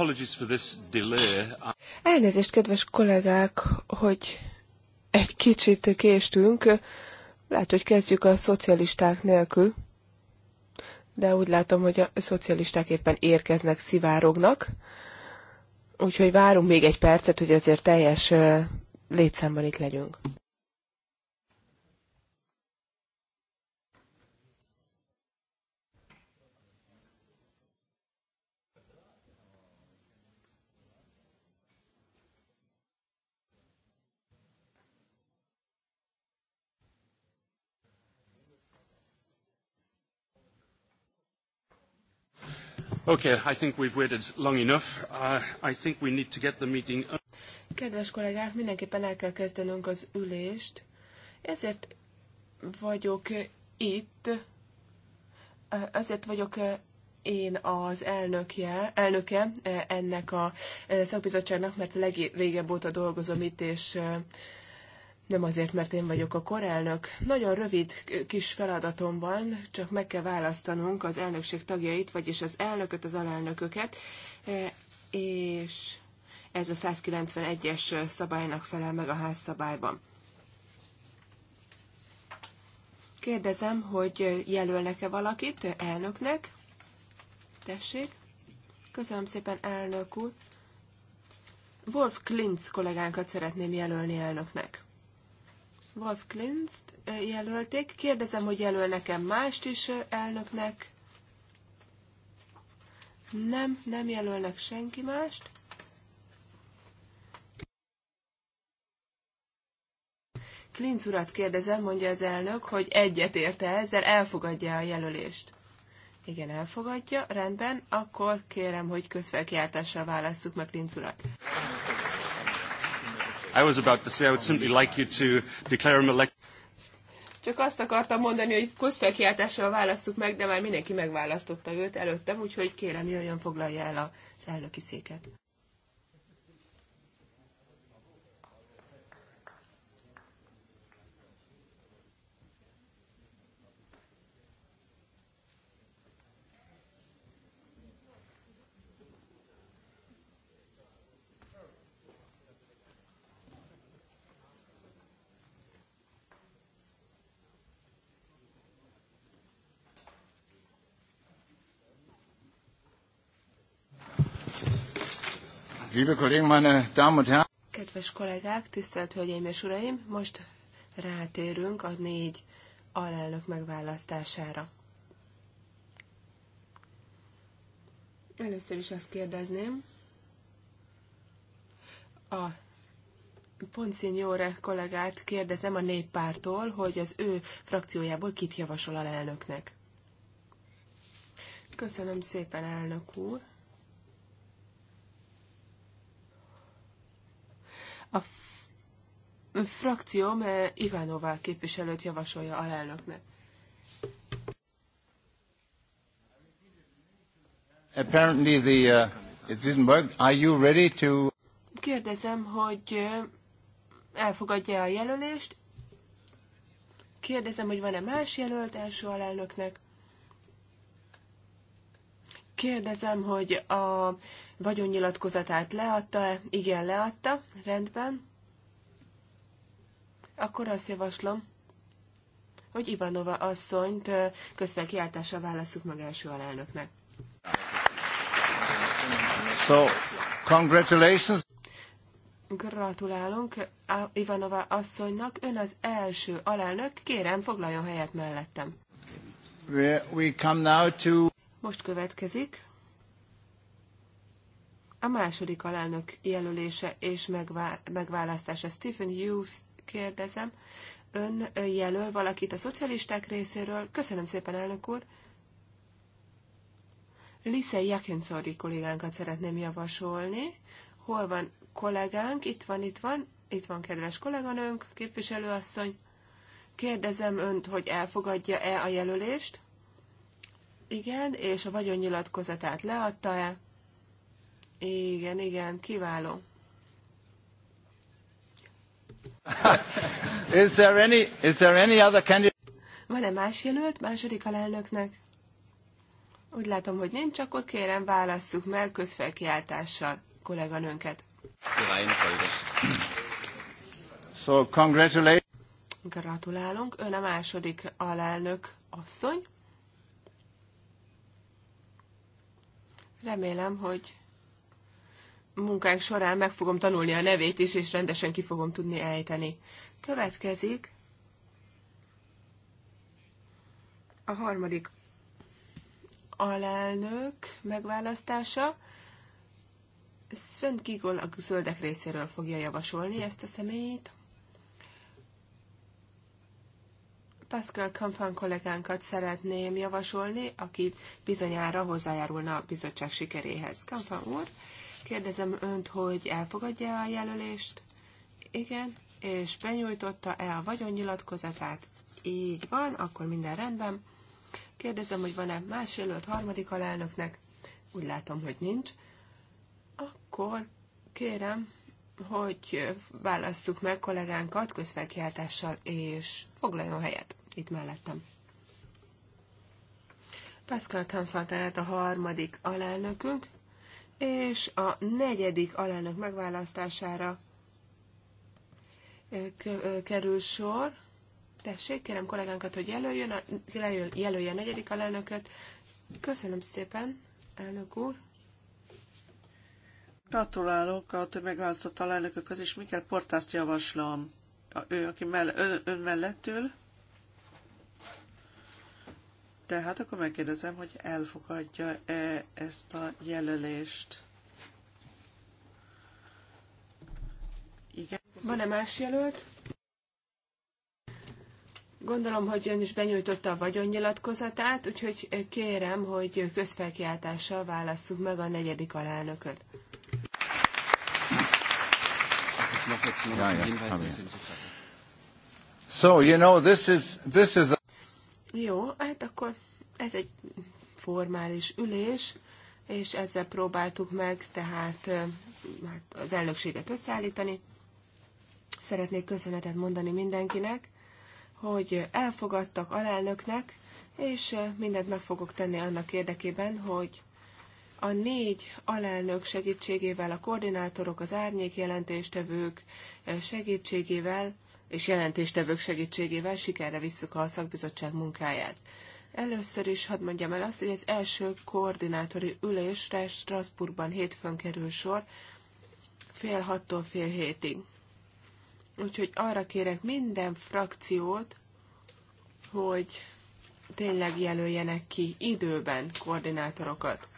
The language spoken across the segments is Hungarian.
apologies for this delay. Elnézést, kedves kollégák, hogy egy kicsit késtünk. Lehet, hogy kezdjük a szocialisták nélkül, de úgy látom, hogy a szocialisták éppen érkeznek, szivárognak. Úgyhogy várunk még egy percet, hogy azért teljes létszámban itt legyünk. Okay, I think we've waited long enough. Uh, I think we need to get the meeting... Kedves kollégák, mindenképpen el kell kezdenünk az ülést. Ezért vagyok itt, eh, Ezért vagyok eh, én az elnökje, elnöke eh, ennek a szakbizottságnak, mert legrégebb óta dolgozom itt, és nem azért, mert én vagyok a korelnök. Nagyon rövid kis feladatom van, csak meg kell választanunk az elnökség tagjait, vagyis az elnököt, az alelnököket, e, és ez a 191-es szabálynak felel meg a házszabályban. Kérdezem, hogy jelölnek-e valakit elnöknek? Tessék. Köszönöm szépen, elnök úr. Wolf Klintz kollégánkat szeretném jelölni elnöknek. Wolf Klinzt jelölték. Kérdezem, hogy jelöl nekem mást is elnöknek. Nem, nem jelölnek senki mást. Klinz urat kérdezem, mondja az elnök, hogy egyet érte ezzel, elfogadja a jelölést. Igen, elfogadja, rendben, akkor kérem, hogy közfelkiáltással válasszuk meg Klinz urat. I was about to say I would simply like you to declare him elected. Csak azt akartam mondani, hogy közfelkiáltással választjuk meg, de már mindenki megválasztotta őt előttem, úgyhogy kérem jöjjön, foglalja el az elnöki széket. Liebe Kollegen, meine Damen und Herren! Kedves kollégák, tisztelt Hölgyeim és Uraim, most rátérünk a négy alelnök megválasztására. Először is azt kérdezném, a Ponsignore kollégát kérdezem a néppártól, hogy az ő frakciójából kit javasol a elnöknek. Köszönöm szépen, elnök úr. A frakcióm eh, Ivánová képviselőt javasolja a alelnöknek. Apparently the, uh, it didn't work. Are you ready to... Kérdezem, hogy eh, elfogadja a jelölést. Kérdezem, hogy van-e más jelölt első alelnöknek. Kérdezem, hogy a vagyonnyilatkozatát leadta-e? Igen, leadta. Rendben. Akkor azt javaslom, hogy Ivanova asszonyt közfelkiáltásra válaszuk meg első alelnöknek. So, congratulations. Gratulálunk Ivanova asszonynak. Ön az első alelnök. Kérem, foglaljon helyet mellettem. we come now to... Most következik a második alelnök jelölése és megvá- megválasztása. Stephen Hughes kérdezem, ön jelöl valakit a szocialisták részéről. Köszönöm szépen, elnök úr. Lisa Jakinszori kollégánkat szeretném javasolni. Hol van kollégánk? Itt van, itt van. Itt van kedves kolléganőnk, képviselőasszony. Kérdezem önt, hogy elfogadja-e a jelölést? Igen, és a vagyonnyilatkozatát leadta-e? Igen, igen, kiváló. is there any, is there any other candidate? Van-e más jelölt második alelnöknek? Úgy látom, hogy nincs, akkor kérem válasszuk meg közfelkiáltással kolléganőnket. So, congratulations. Gratulálunk, ön a második alelnök asszony. Remélem, hogy munkánk során meg fogom tanulni a nevét is, és rendesen ki fogom tudni ejteni. Következik a harmadik alelnök megválasztása. Sven Kigol a zöldek részéről fogja javasolni ezt a személyt. Pascal Kamfan kollégánkat szeretném javasolni, aki bizonyára hozzájárulna a bizottság sikeréhez. Kamfan úr, kérdezem önt, hogy elfogadja a jelölést? Igen. És benyújtotta-e a vagyonnyilatkozatát? Így van, akkor minden rendben. Kérdezem, hogy van-e más jelölt harmadik alelnöknek? Úgy látom, hogy nincs. Akkor kérem, hogy válasszuk meg kollégánkat közfelkiáltással, és foglaljon helyet itt mellettem. Pascal Canfan tehát a harmadik alelnökünk, és a negyedik alelnök megválasztására kerül sor. Tessék, kérem kollégánkat, hogy jelöljön a, jelölje a negyedik alelnököt. Köszönöm szépen, elnök úr. Gratulálok a tömegválasztott alelnökökhöz, és Mikkel Portást javaslom. Ő, aki mell- ön, ön mellettül. De hát akkor megkérdezem, hogy elfogadja-e ezt a jelölést. Igen. Van-e más jelölt? Gondolom, hogy ön is benyújtotta a vagyonnyilatkozatát, úgyhogy kérem, hogy közfelkiáltással válasszuk meg a negyedik alelnököt. So, you know, this is, this is a... Jó, hát akkor ez egy formális ülés, és ezzel próbáltuk meg tehát hát az elnökséget összeállítani. Szeretnék köszönetet mondani mindenkinek, hogy elfogadtak alelnöknek, és mindent meg fogok tenni annak érdekében, hogy a négy alelnök segítségével, a koordinátorok, az árnyék jelentéstevők segítségével és jelentéstevők segítségével sikerre visszük a szakbizottság munkáját. Először is hadd mondjam el azt, hogy az első koordinátori ülésre Strasbourgban hétfőn kerül sor, fél hattól fél hétig. Úgyhogy arra kérek minden frakciót, hogy tényleg jelöljenek ki időben koordinátorokat,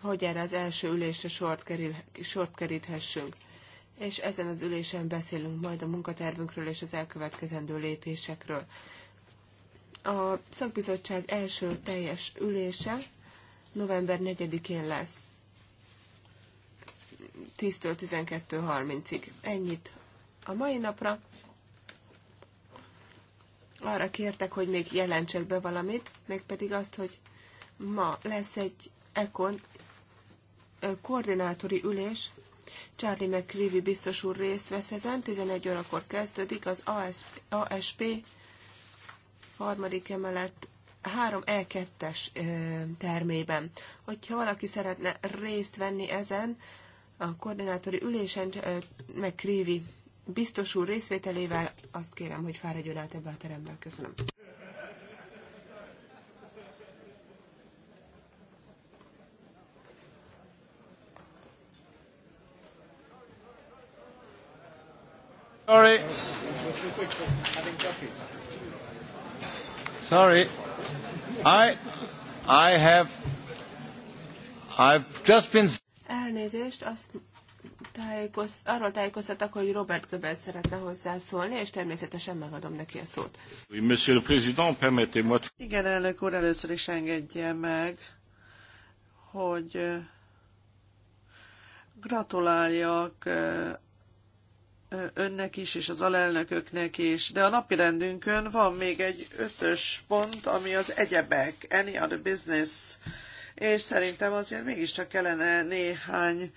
hogy erre az első ülésre sort, kerül, sort keríthessünk és ezen az ülésen beszélünk majd a munkatervünkről és az elkövetkezendő lépésekről. A szakbizottság első teljes ülése november 4-én lesz. 10-től 12.30-ig. Ennyit a mai napra. Arra kértek, hogy még jelentsek be valamit, mégpedig azt, hogy ma lesz egy ekon koordinátori ülés Charlie McCreevy biztos úr részt vesz ezen, 11 órakor kezdődik az ASP, ASP harmadik emelet 3E2-es termében. Hogyha valaki szeretne részt venni ezen, a koordinátori ülésen McCreevy biztos úr részvételével, azt kérem, hogy fáradjon át ebbe a terembe. Köszönöm. Sorry. Sorry. I, I have, I've just been... Elnézést, azt tájékoz, arról tájékoztatok, hogy Robert Goebbels szeretne hozzászólni, és természetesen megadom neki a szót. Monsieur le Président, permettez-moi... Igen, elnök úr, először is engedje meg, hogy eh, gratuláljak eh, önnek is, és az alelnököknek is. De a napi rendünkön van még egy ötös pont, ami az egyebek, any other business, és szerintem azért mégiscsak kellene néhány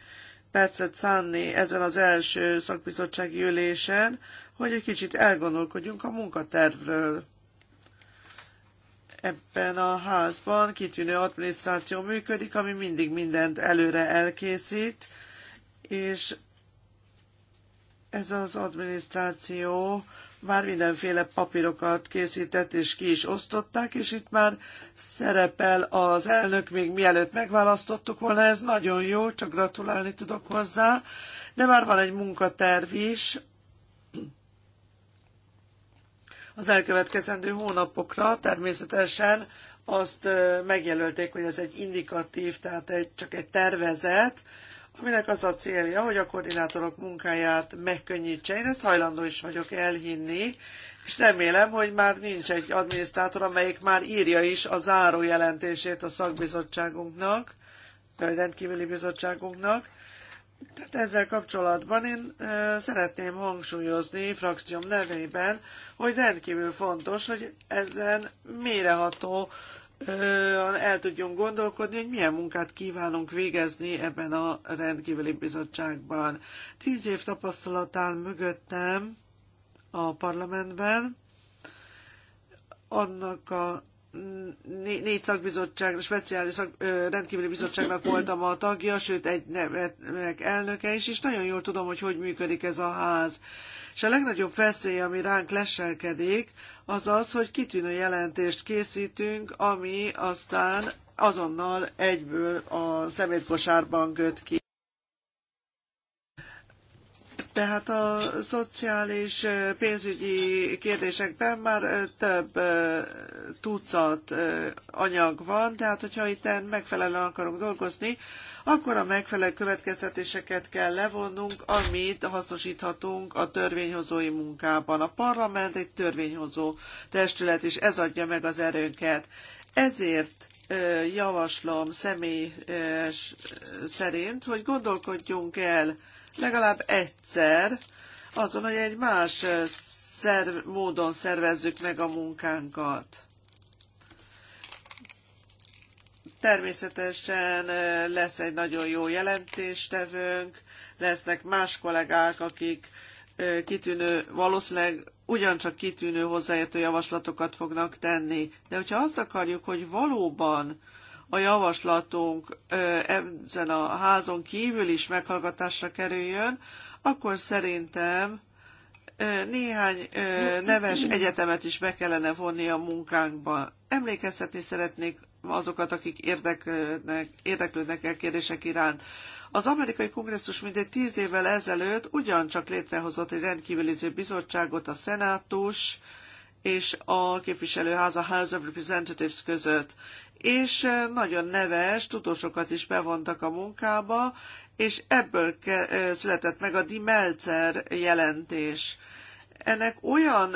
percet szánni ezen az első szakbizottsági ülésen, hogy egy kicsit elgondolkodjunk a munkatervről. Ebben a házban kitűnő adminisztráció működik, ami mindig mindent előre elkészít, és ez az adminisztráció már mindenféle papírokat készített, és ki is osztották, és itt már szerepel az elnök, még mielőtt megválasztottuk volna, ez nagyon jó, csak gratulálni tudok hozzá, de már van egy munkaterv is, az elkövetkezendő hónapokra természetesen azt megjelölték, hogy ez egy indikatív, tehát egy, csak egy tervezet, aminek az a célja, hogy a koordinátorok munkáját megkönnyítse. Én ezt hajlandó is vagyok elhinni, és remélem, hogy már nincs egy adminisztrátor, amelyik már írja is a záró jelentését a szakbizottságunknak, a rendkívüli bizottságunknak. Tehát ezzel kapcsolatban én szeretném hangsúlyozni frakcióm nevében, hogy rendkívül fontos, hogy ezen méreható el tudjunk gondolkodni, hogy milyen munkát kívánunk végezni ebben a rendkívüli bizottságban. Tíz év tapasztalatán mögöttem a parlamentben, annak a négy szakbizottság, speciális szak, rendkívüli bizottságnak voltam a tagja, sőt egy nevetnek elnöke is, és nagyon jól tudom, hogy hogy működik ez a ház. És a legnagyobb veszély, ami ránk leselkedik, az az, hogy kitűnő jelentést készítünk, ami aztán azonnal egyből a szemétkosárban köt ki. Tehát a szociális pénzügyi kérdésekben már több tucat anyag van, tehát hogyha itt megfelelően akarunk dolgozni, akkor a megfelelő következtetéseket kell levonnunk, amit hasznosíthatunk a törvényhozói munkában. A parlament egy törvényhozó testület, és ez adja meg az erőnket. Ezért javaslom személy szerint, hogy gondolkodjunk el legalább egyszer azon, hogy egy más szerv, módon szervezzük meg a munkánkat. Természetesen lesz egy nagyon jó jelentéstevőnk, lesznek más kollégák, akik kitűnő, valószínűleg ugyancsak kitűnő hozzáértő javaslatokat fognak tenni. De hogyha azt akarjuk, hogy valóban a javaslatunk ezen a házon kívül is meghallgatásra kerüljön, akkor szerintem néhány neves egyetemet is be kellene vonni a munkánkba. Emlékeztetni szeretnék azokat, akik érdeklődnek, érdeklődnek el kérdések iránt. Az amerikai kongresszus mindegy tíz évvel ezelőtt ugyancsak létrehozott egy rendkívüliző bizottságot a szenátus és a képviselőház a House of Representatives között. És eh, nagyon neves tudósokat is bevontak a munkába, és ebből ke eh, született meg a Die Melzer jelentés ennek olyan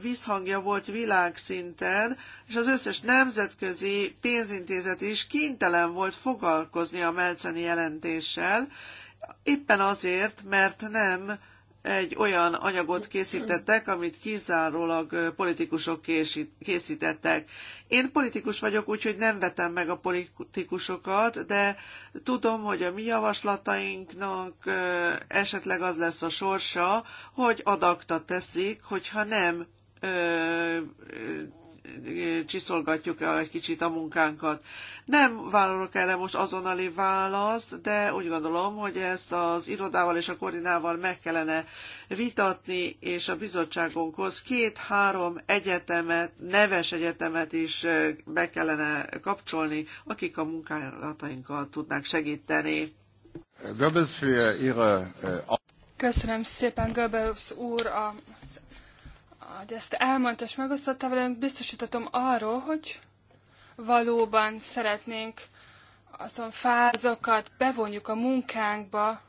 visszhangja volt világszinten, és az összes nemzetközi pénzintézet is kénytelen volt foglalkozni a Melceni jelentéssel, éppen azért, mert nem egy olyan anyagot készítettek, amit kizárólag politikusok készítettek. Én politikus vagyok, úgyhogy nem vetem meg a politikusokat, de tudom, hogy a mi javaslatainknak esetleg az lesz a sorsa, hogy adakta teszik, hogyha nem csiszolgatjuk el egy kicsit a munkánkat. Nem vállalok erre most azonnali választ, de úgy gondolom, hogy ezt az irodával és a koordinával meg kellene vitatni, és a bizottságunkhoz két-három egyetemet, neves egyetemet is be kellene kapcsolni, akik a munkálatainkat tudnák segíteni. Köszönöm szépen, Göbels úr, a hogy ezt elmondta és megosztotta velünk, biztosítatom arról, hogy valóban szeretnénk azon fázokat bevonjuk a munkánkba,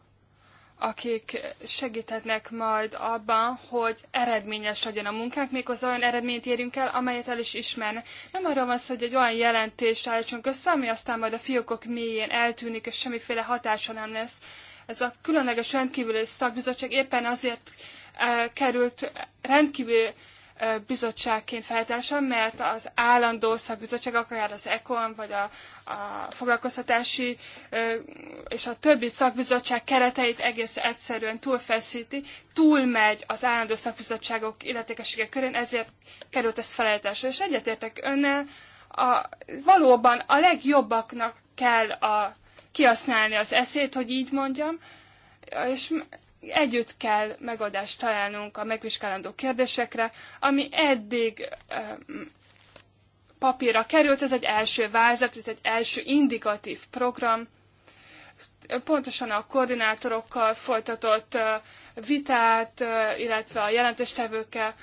akik segíthetnek majd abban, hogy eredményes legyen a munkánk, méghozzá olyan eredményt érjünk el, amelyet el is ismer. Nem arról van szó, hogy egy olyan jelentést állítsunk össze, ami aztán majd a fiókok mélyén eltűnik, és semmiféle hatása nem lesz. Ez a különleges rendkívüli szakbizottság éppen azért került rendkívül bizottságként felállítása, mert az állandó szakbizottság, akár az ECON, vagy a, a foglalkoztatási és a többi szakbizottság kereteit egész egyszerűen túlfeszíti, túlmegy az állandó szakbizottságok illetékessége körén, ezért került ez felállításra. És egyetértek önnel, a, valóban a legjobbaknak kell a, kihasználni az eszét, hogy így mondjam, és együtt kell megoldást találnunk a megvizsgálandó kérdésekre, ami eddig papírra került, ez egy első vázlat, ez egy első indikatív program, pontosan a koordinátorokkal folytatott vitát, illetve a jelentéstevőkkel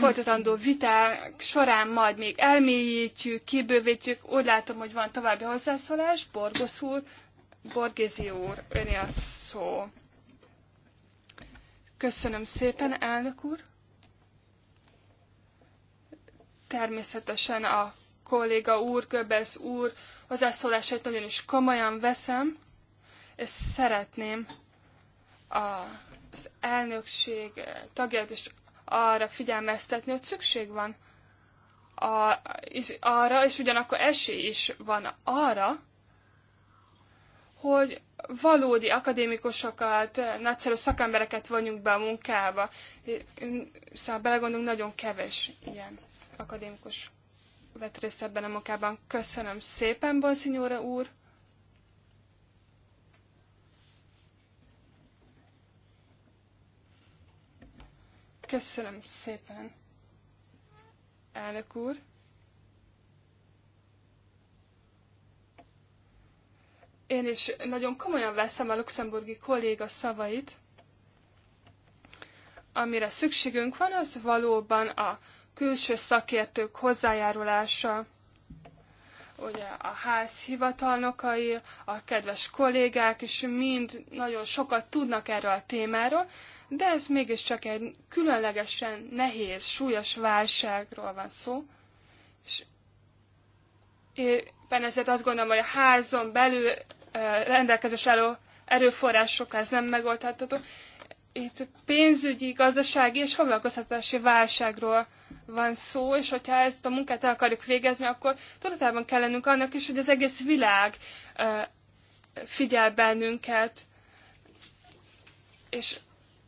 folytatandó viták során majd még elmélyítjük, kibővítjük. Úgy látom, hogy van további hozzászólás. Borgosz úr, Borgézi úr, öné a szó. Köszönöm szépen, elnök úr. Természetesen a kolléga úr, Göbez úr hozzászólásait nagyon is komolyan veszem, és szeretném az elnökség tagját is arra figyelmeztetni, hogy szükség van arra, és ugyanakkor esély is van arra, hogy valódi akadémikusokat, nagyszerű szakembereket vonjunk be a munkába. Szóval belegondolunk, nagyon kevés ilyen akadémikus vett részt ebben a munkában. Köszönöm szépen, Bonsignore úr! Köszönöm szépen, elnök úr! én is nagyon komolyan veszem a luxemburgi kolléga szavait. Amire szükségünk van, az valóban a külső szakértők hozzájárulása, ugye a ház hivatalnokai, a kedves kollégák is mind nagyon sokat tudnak erről a témáról, de ez mégiscsak egy különlegesen nehéz, súlyos válságról van szó. És éppen ezért azt gondolom, hogy a házon belül rendelkezés álló erőforrásokkal ez nem megoldható. Itt pénzügyi, gazdasági és foglalkoztatási válságról van szó, és hogyha ezt a munkát el akarjuk végezni, akkor tudatában kell lennünk annak is, hogy az egész világ figyel bennünket. És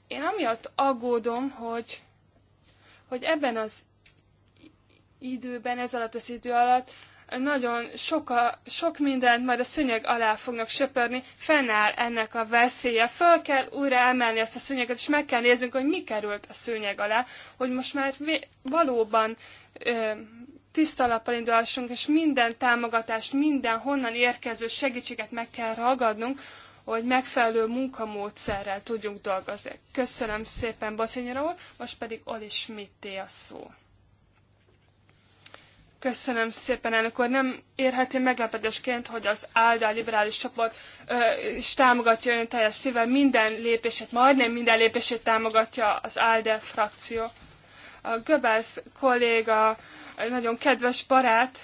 én amiatt aggódom, hogy, hogy ebben az időben, ez alatt az idő alatt nagyon soka, sok mindent majd a szőnyeg alá fognak söpörni, fennáll ennek a veszélye. Föl kell újra emelni ezt a szőnyeget, és meg kell néznünk, hogy mi került a szőnyeg alá, hogy most már valóban ö, tiszta indulhassunk, és minden támogatást, minden honnan érkező segítséget meg kell ragadnunk, hogy megfelelő munkamódszerrel tudjunk dolgozni. Köszönöm szépen, Baszinyra úr, most pedig Oli Schmidt a szó. Köszönöm szépen, elnök úr. Nem érheti meglepetésként, hogy az áldá liberális csoport ö, is támogatja ön teljes szívvel minden lépését, majdnem minden lépését támogatja az álde frakció. A Göbels kolléga, nagyon kedves barát,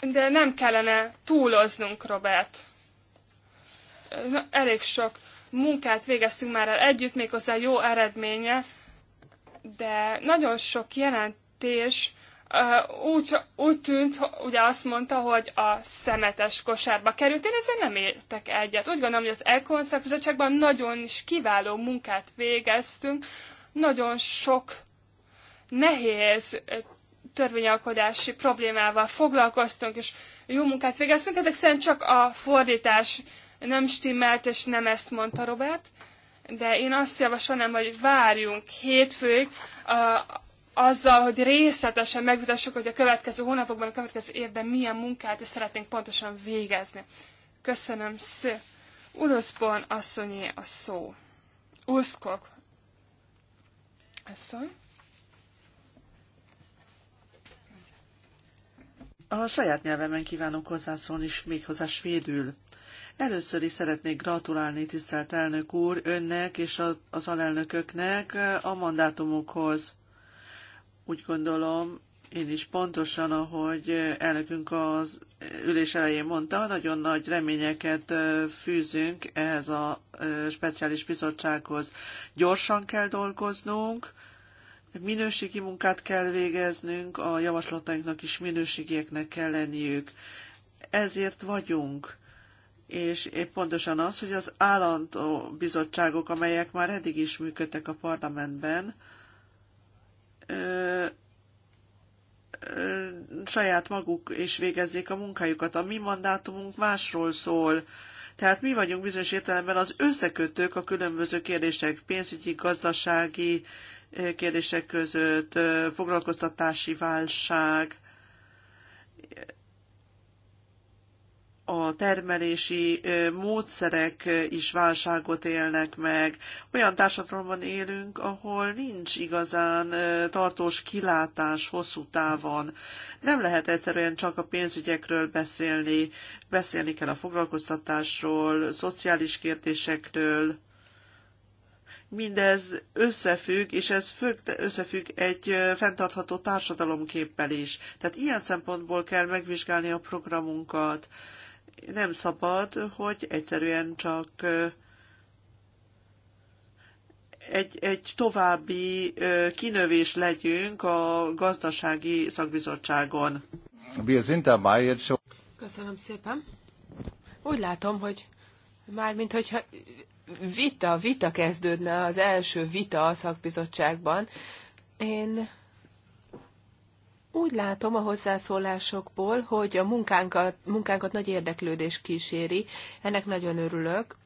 de nem kellene túloznunk, Robert. Na, elég sok munkát végeztünk már el együtt, méghozzá jó eredménye de nagyon sok jelentés úgy, úgy tűnt, ugye azt mondta, hogy a szemetes kosárba került. Én ezzel nem értek egyet. Úgy gondolom, hogy az Elkonszak bizottságban nagyon is kiváló munkát végeztünk. Nagyon sok nehéz törvényalkodási problémával foglalkoztunk, és jó munkát végeztünk. Ezek szerint csak a fordítás nem stimmelt, és nem ezt mondta Robert de én azt javasolnám, hogy várjunk hétfőig a, azzal, hogy részletesen megvitassuk, hogy a következő hónapokban, a következő évben milyen munkát és szeretnénk pontosan végezni. Köszönöm sző. Uruszpon asszonyé a szó. Uszkok asszony. A saját nyelvemen kívánok hozzászólni, és méghozzá svédül. Először is szeretnék gratulálni, tisztelt elnök úr, önnek és az alelnököknek a mandátumukhoz. Úgy gondolom, én is pontosan, ahogy elnökünk az ülés elején mondta, nagyon nagy reményeket fűzünk ehhez a speciális bizottsághoz. Gyorsan kell dolgoznunk, minőségi munkát kell végeznünk, a javaslatainknak is minőségieknek kell lenniük. Ezért vagyunk és épp pontosan az, hogy az állandó bizottságok, amelyek már eddig is működtek a parlamentben, ö, ö, saját maguk is végezzék a munkájukat. A mi mandátumunk másról szól. Tehát mi vagyunk bizonyos értelemben az összekötők a különböző kérdések, pénzügyi, gazdasági kérdések között, foglalkoztatási válság, a termelési módszerek is válságot élnek meg. Olyan társadalomban élünk, ahol nincs igazán tartós kilátás hosszú távon. Nem lehet egyszerűen csak a pénzügyekről beszélni, beszélni kell a foglalkoztatásról, szociális kérdésekről. Mindez összefügg, és ez függ, összefügg egy fenntartható társadalomképpel is. Tehát ilyen szempontból kell megvizsgálni a programunkat nem szabad, hogy egyszerűen csak egy, egy további kinövés legyünk a gazdasági szakbizottságon. Köszönöm szépen. Úgy látom, hogy már mint hogyha vita, vita kezdődne az első vita a szakbizottságban, én úgy látom a hozzászólásokból, hogy a munkánkat, munkánkat nagy érdeklődés kíséri. Ennek nagyon örülök.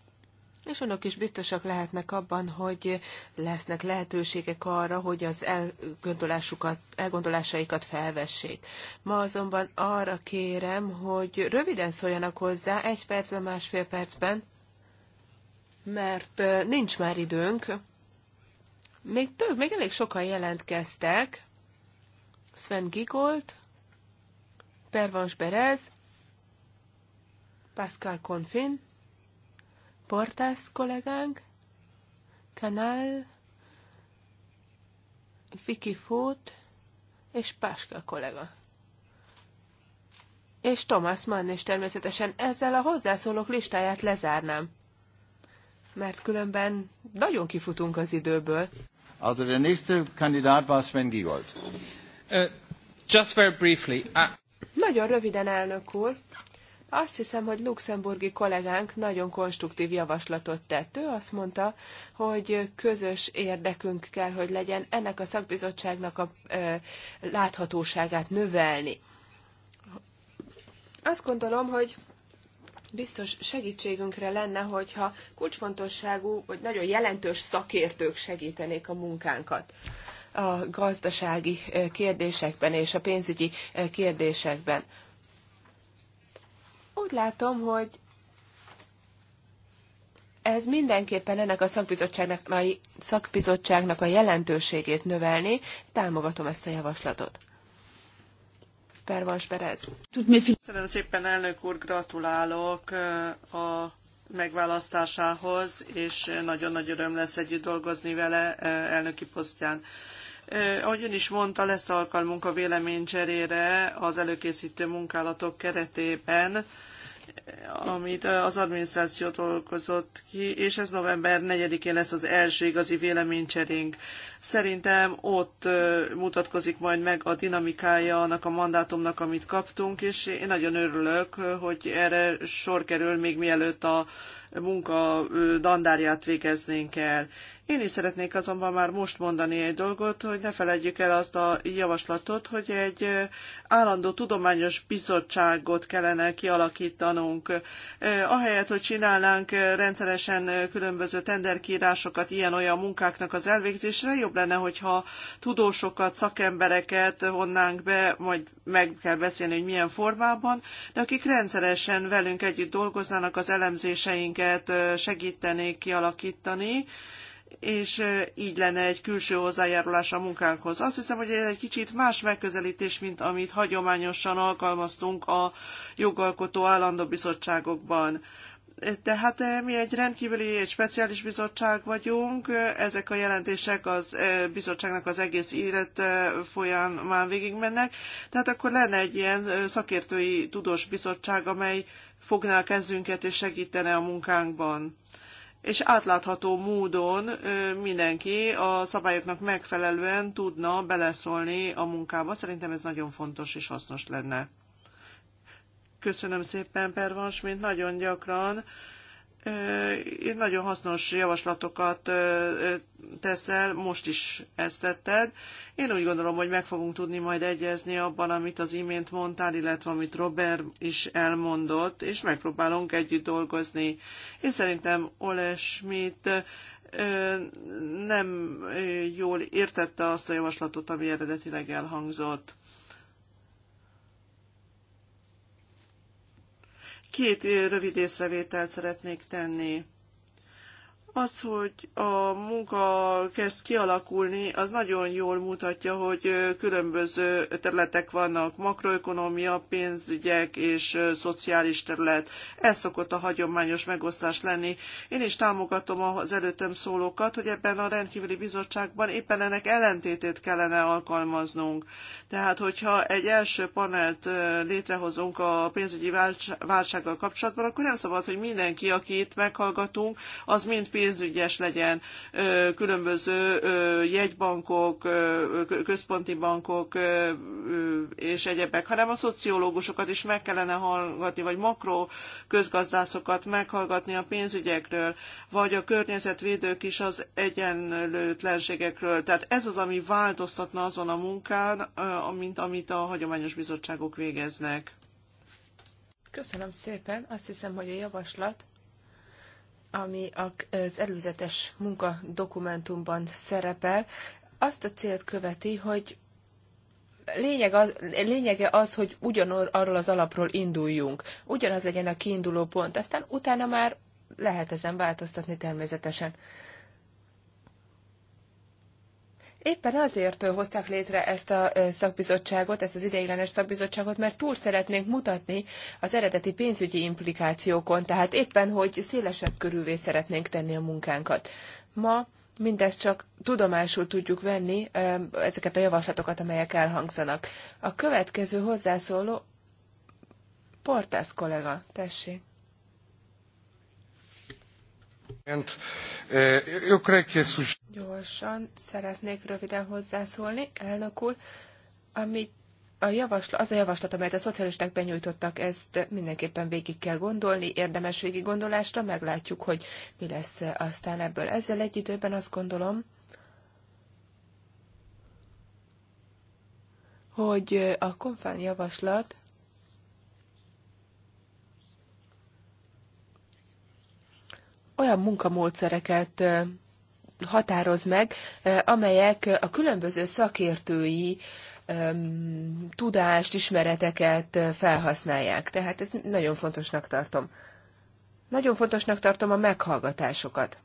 És önök is biztosak lehetnek abban, hogy lesznek lehetőségek arra, hogy az elgondolásukat, elgondolásaikat felvessék. Ma azonban arra kérem, hogy röviden szóljanak hozzá, egy percben, másfél percben, mert nincs már időnk. Még több, még elég sokan jelentkeztek. Sven Gigold, Pervans Berez, Pascal Confin, Portász kollégánk, Kanál, Vicky Foot és Páska kollega. És Thomas Mann is természetesen ezzel a hozzászólók listáját lezárnám. Mert különben nagyon kifutunk az időből. Also der nächste Kandidat war Sven Giegold. Uh, just very briefly. Uh, nagyon röviden, elnök úr. Azt hiszem, hogy luxemburgi kollégánk nagyon konstruktív javaslatot tett. Ő azt mondta, hogy közös érdekünk kell, hogy legyen ennek a szakbizottságnak a láthatóságát növelni. Azt gondolom, hogy biztos segítségünkre lenne, hogyha kulcsfontosságú, vagy nagyon jelentős szakértők segítenék a munkánkat a gazdasági kérdésekben és a pénzügyi kérdésekben. Úgy látom, hogy ez mindenképpen ennek a szakbizottságnak a, szakbizottságnak a jelentőségét növelni. Támogatom ezt a javaslatot. Pervans Perez. Köszönöm szépen, elnök úr, gratulálok a megválasztásához, és nagyon nagy öröm lesz együtt dolgozni vele elnöki posztján. Eh, ahogy ön is mondta, lesz alkalmunk a véleménycserére az előkészítő munkálatok keretében, amit eh, az adminisztráció dolgozott ki, és ez november 4-én lesz az első igazi véleménycserénk. Szerintem ott eh, mutatkozik majd meg a dinamikája annak a mandátumnak, amit kaptunk, és én nagyon örülök, hogy erre sor kerül még mielőtt a munka dandárját végeznénk el. Én is szeretnék azonban már most mondani egy dolgot, hogy ne felejtjük el azt a javaslatot, hogy egy állandó tudományos bizottságot kellene kialakítanunk. Ahelyett, hogy csinálnánk rendszeresen különböző tenderkírásokat ilyen-olyan munkáknak az elvégzésre, jobb lenne, hogyha tudósokat, szakembereket vonnánk be, majd meg kell beszélni, hogy milyen formában, de akik rendszeresen velünk együtt dolgoznának, az elemzéseinket segítenék kialakítani, és így lenne egy külső hozzájárulás a munkánkhoz. Azt hiszem, hogy ez egy kicsit más megközelítés, mint amit hagyományosan alkalmaztunk a jogalkotó állandó bizottságokban. Tehát mi egy rendkívüli, egy speciális bizottság vagyunk, ezek a jelentések az bizottságnak az egész élet folyamán végigmennek, tehát akkor lenne egy ilyen szakértői tudós bizottság, amely fogná a kezünket és segítene a munkánkban és átlátható módon mindenki a szabályoknak megfelelően tudna beleszólni a munkába. Szerintem ez nagyon fontos és hasznos lenne. Köszönöm szépen, Pervans, mint nagyon gyakran nagyon hasznos javaslatokat teszel, most is ezt tetted. Én úgy gondolom, hogy meg fogunk tudni majd egyezni abban, amit az imént mondtál, illetve amit Robert is elmondott, és megpróbálunk együtt dolgozni. És szerintem Ole Schmidt nem jól értette azt a javaslatot, ami eredetileg elhangzott. Két rövid észrevételt szeretnék tenni. Az, hogy a munka kezd kialakulni, az nagyon jól mutatja, hogy különböző területek vannak, makroökonomia, pénzügyek és szociális terület. Ez szokott a hagyományos megosztás lenni. Én is támogatom az előttem szólókat, hogy ebben a rendkívüli bizottságban éppen ennek ellentétét kellene alkalmaznunk. Tehát, hogyha egy első panelt létrehozunk a pénzügyi válsággal kapcsolatban, akkor nem szabad, hogy mindenki, akit meghallgatunk, az mind pénzügyes legyen, különböző jegybankok, központi bankok és egyebek, hanem a szociológusokat is meg kellene hallgatni, vagy makro közgazdászokat meghallgatni a pénzügyekről, vagy a környezetvédők is az egyenlőtlenségekről. Tehát ez az, ami változtatna azon a munkán, mint amit a hagyományos bizottságok végeznek. Köszönöm szépen. Azt hiszem, hogy a javaslat ami az előzetes munka dokumentumban szerepel, azt a célt követi, hogy lényeg az, lényege az, hogy ugyanarról az alapról induljunk. Ugyanaz legyen a kiinduló pont, aztán utána már lehet ezen változtatni természetesen. Éppen azért hozták létre ezt a szakbizottságot, ezt az ideiglenes szakbizottságot, mert túl szeretnénk mutatni az eredeti pénzügyi implikációkon, tehát éppen, hogy szélesebb körülvé szeretnénk tenni a munkánkat. Ma mindezt csak tudomásul tudjuk venni, ezeket a javaslatokat, amelyek elhangzanak. A következő hozzászóló Portász kollega, tessék. Eh, Gyorsan szeretnék röviden hozzászólni, elnök úr. Amit a javaslat, az a javaslat, amelyet a szocialisták benyújtottak, ezt mindenképpen végig kell gondolni, érdemes végig gondolásra, meglátjuk, hogy mi lesz aztán ebből. Ezzel egy időben azt gondolom, hogy a konfán javaslat olyan munkamódszereket határoz meg, amelyek a különböző szakértői tudást, ismereteket felhasználják. Tehát ezt nagyon fontosnak tartom. Nagyon fontosnak tartom a meghallgatásokat.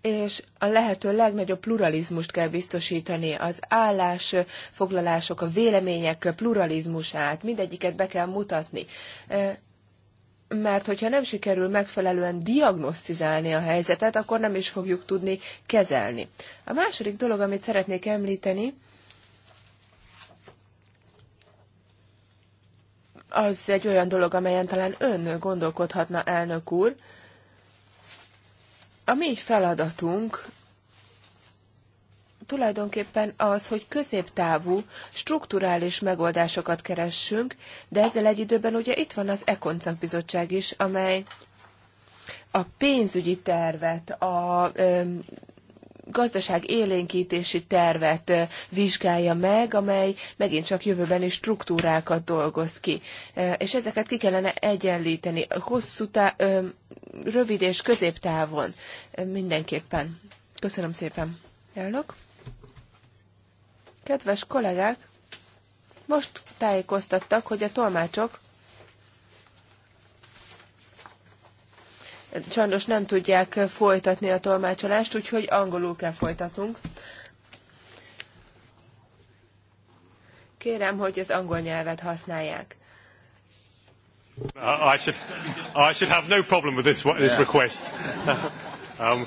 És a lehető legnagyobb pluralizmust kell biztosítani, az állásfoglalások, a vélemények pluralizmusát, mindegyiket be kell mutatni mert hogyha nem sikerül megfelelően diagnosztizálni a helyzetet, akkor nem is fogjuk tudni kezelni. A második dolog, amit szeretnék említeni, az egy olyan dolog, amelyen talán ön gondolkodhatna, elnök úr. A mi feladatunk tulajdonképpen az, hogy középtávú, strukturális megoldásokat keressünk, de ezzel egy időben ugye itt van az Ekonszak Bizottság is, amely a pénzügyi tervet, a gazdaság élénkítési tervet vizsgálja meg, amely megint csak jövőbeni struktúrákat dolgoz ki. És ezeket ki kellene egyenlíteni hosszú tá- rövid és középtávon mindenképpen. Köszönöm szépen, elnök. Kedves kollégák, most tájékoztattak, hogy a tolmácsok sajnos nem tudják folytatni a tolmácsolást, úgyhogy angolul kell folytatnunk. Kérem, hogy az angol nyelvet használják. I should, I should have no problem with this, this request. um,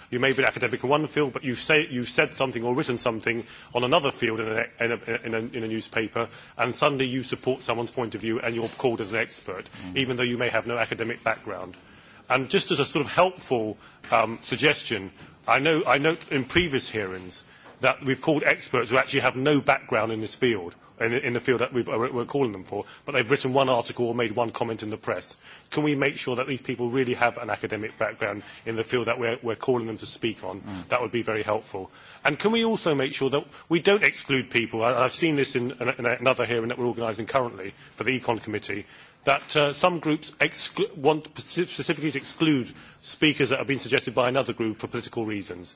You may be an academic in one field, but you've, say, you've said something or written something on another field in a, in, a, in, a, in a newspaper, and suddenly you support someone's point of view and you're called as an expert, mm. even though you may have no academic background. And just as a sort of helpful um, suggestion, I know I note in previous hearings that we've called experts who actually have no background in this field, in, in the field that we've, uh, we're calling them for, but they've written one article or made one comment in the press. Can we make sure that these people really have an academic background in the field that we're, we're calling them to speak on? Mm. That would be very helpful. And can we also make sure that we don't exclude people? I, I've seen this in, in in another hearing that we're organising currently for the Econ Committee, that uh, some groups want specifically to exclude speakers that have been suggested by another group for political reasons.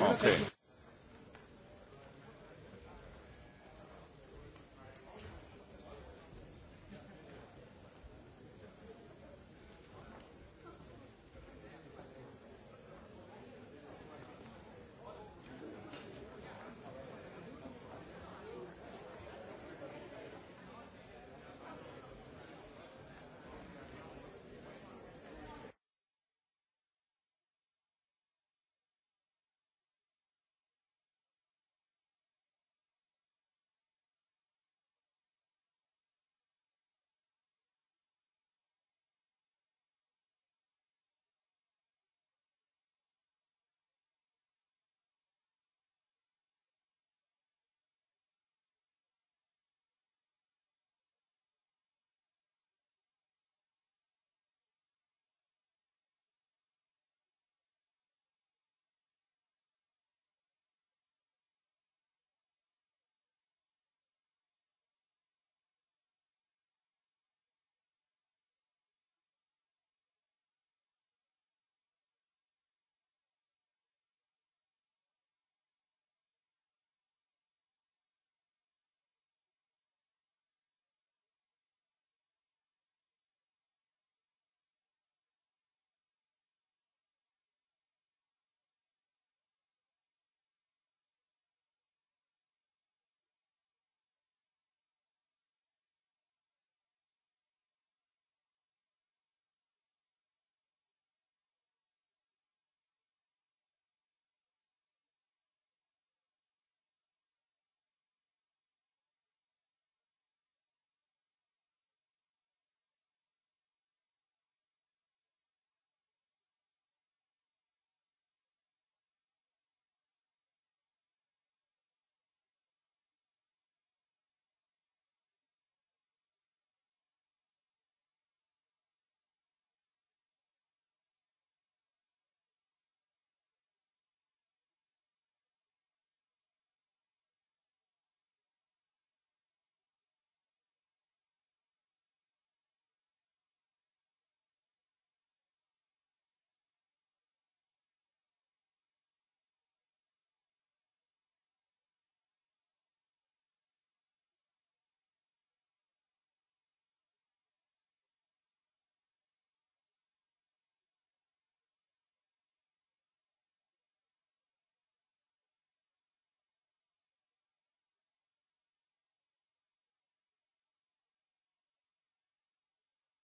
Okay.